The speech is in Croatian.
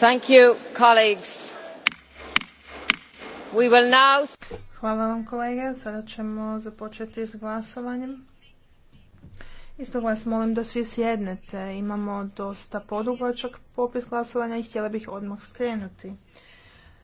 Hvala vam kolege. Sada ćemo započeti s glasovanjem. Isto vas molim da svi sjednete. Imamo dosta podugačak popis glasovanja i htjela bih odmah skrenuti.